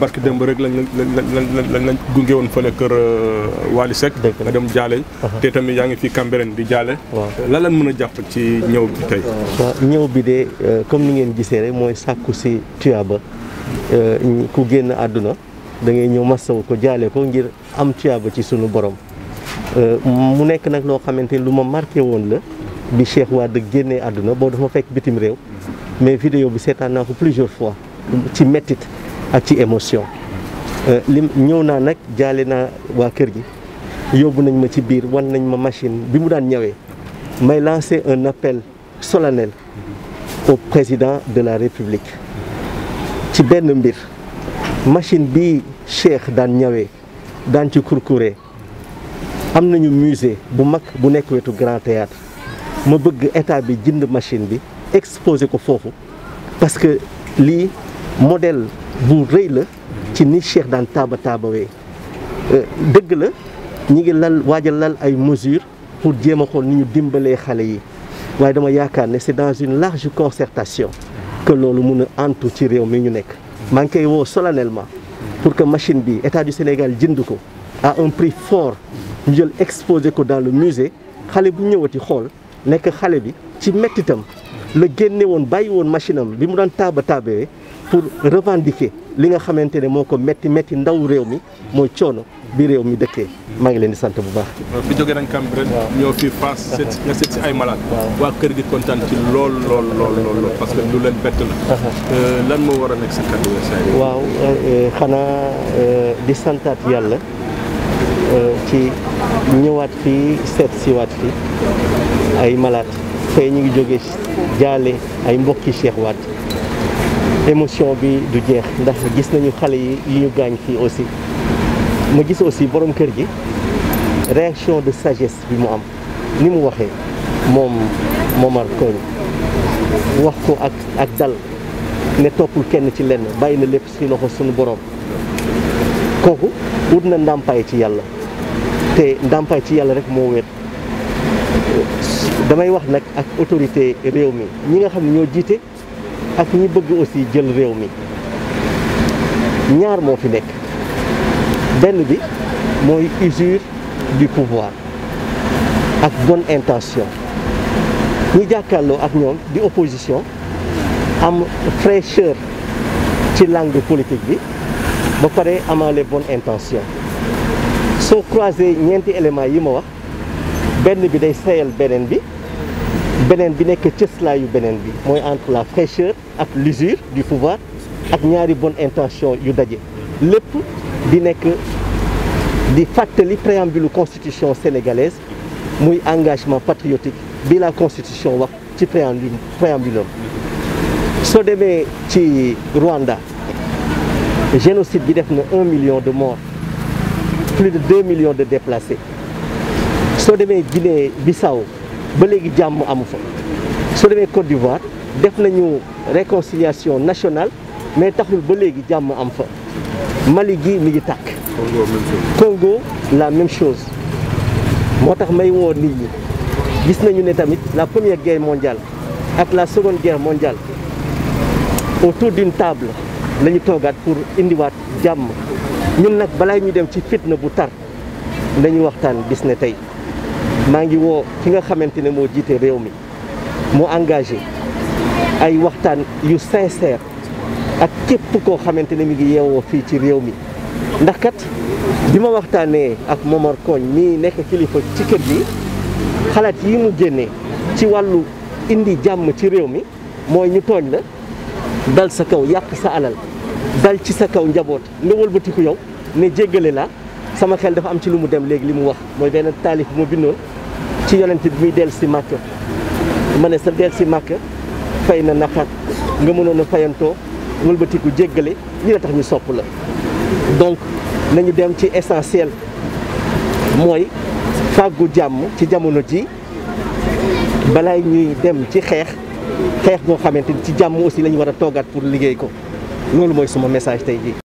barki démb rek lañ lañ lañ lañ gunge woon fële kër euh, Waly Seck. nga dem jaale. Uh-huh. te tamit yaa ngi fi Cambérène di jaale. la lan mën a jàpp ci ñëw bi tey. waaw ñëw bi de euh, comme ni ngeen gisee rek mooy sàkku si tuyaaba euh, ku génn àdduna da ngay ñëw masawu ko jaale ko ngir am tuyaaba ci sunu borom. mu nekk nag loo xamante ni lu ma marqué woon la bi waa Wade génne àdduna boo dafa fekk bitim réew mm-hmm. mais vidéo bi seetaan naa ko plusieurs fois ci mettit ak ci émotion euh, li ñëw naa nag jaale naa waa kër gi yóbbu nañ ma ci biir wan nañ ma machine bi mu daan ñëwee may lancer un appel solennel au président de la république ci benn mbir machine bi Cheikh daan ñëwee daan ci kurkuree am nañu musée bu mag bu nekk wetu grand théâtre ma bëgg état bi jënd machine bi exposé ko foofu parce que lii modèle bu rëy la ci ni Cheikh daan taaba we euh, dëgg la ñi ngi lal waaj a lal ay mesures pour jéem a xool ni ñu dimbalee xale yi waaye dama yaakaar ne c'est dans une large consertation que loolu mun a antu ci réew mi ñu nekk maa ngi koy woo solennellement pour que machine bi état du Sénégal jënd ko à un prix fort ñu jël exposé ko dans le musée xale bu ñëwati xool nekk xale bi ci mettitam la génne woon bàyyi woon machine bi mu doon taaba taabee pour revendiquer li nga xamante ne moo ko métti métti ndaw réew mi mooy coono bi réew mi dëkkee maa ngi leen di sant bu baax. fi jógee nañ Cambérène. ñoo fi paas nga seet si ay malade. waa kër gi kontaan ci lool lool lool lool parce que lu leen bett la. Uh-huh. Euh, lan moo war a nekk sa kàddu gi. waaw euh, xanaa euh, di santaat yàlla ci ñëwaat fii seet siwaat fii ay malade. tey ñu ngi jóge jaale ay mbokki Cheikh Wade émotion bi du jeex ndax gis nañu xale yi yi ñu gaañ fii aussi ma gis aussi borom kër gi réaction de sages bi mu am ni mu waxee moom Momar Koñ wax ko ak ak dal ne toppul kenn ci lenn bàyyi na lépp si loxo sunu boroom kooku wut na ndàmpaay ci yàlla te ndàmpaay ci yàlla rek moo wér damay wax nag ak autorité réew mi ñi nga xam ne ñoo jiite ak ñi bëgg aussi jël réew mi ñaar moo fi nekk benn bi mooy usure du pouvoir ak bonne intention ñi jàkkaarloo ak ñoom di opposition am fraîcheur ci langue politique bi ba pare amaale bonne intention soo croisé ñeenti éléments yi ma wax benn bi day seeyal beneen bi beneen bi nekk cëslaayu beneen bi mooy entre la fraîcheur ak l'usure du pouvoir ak ñaari bonne intention yu daje lépp di nekk di fàttali préambule constitution sénégalaise muy engagement patriotique bi la constitution wax ci préambule préambule soo demee ci Rwanda génocide bi def na un million de morts plus de deux million de déplacés soo demee Guinée Bissau ba léegi jàmm amu fa soo demee Côte d'Ivoire def nañu réconciliation nationale mais taxul ba léegi jàmm am fa Mali gi mi ngi tàkk Congo la même chose moo tax may woo nit ñi gis nañu ne tamit la première guerre mondiale ak la seconde guerre mondiale autour d'une table lañu toogaat pour indiwaat jàmm ñun nag balaa ñuy dem ci fitna bu tar dañu waxtaan bis ne tey maa ngi woo ki nga xamante ne moo jiite réew mi mu engage ay waxtaan yu sincère ak képp koo xamante ne mi ngi yeewoo fii ci réew mi ndax kat bi ma waxtaanee ak Momar Koñ mii nekk kilifa ci kër gi xalaat yi mu génnee ci wàllu indi jàmm ci réew mi mooy ñu tooñ la dal sa kaw yàq sa alal dal ci sa kaw njaboot nga wëlbatiku yow ne jéggale la sama xel dafa am ci lu mu dem léegi li mu wax mooy benn taalif bu ma bindoon ci yonent bi muy dellu si màkk ma ne sa dellu si makk fay na naqar nga mënoon a fayantoo wëlbatiku jéggale ñi la tax ñu sopp la donc nañu dem ci essentiel mooy fàggu jàmm ci jamono ji balaa balaay ñuy dem ci xeex xeex boo xamante ni ci jàmm aussi la ñu war a toogaat pour liggéey ko loolu mooy suma message tey jii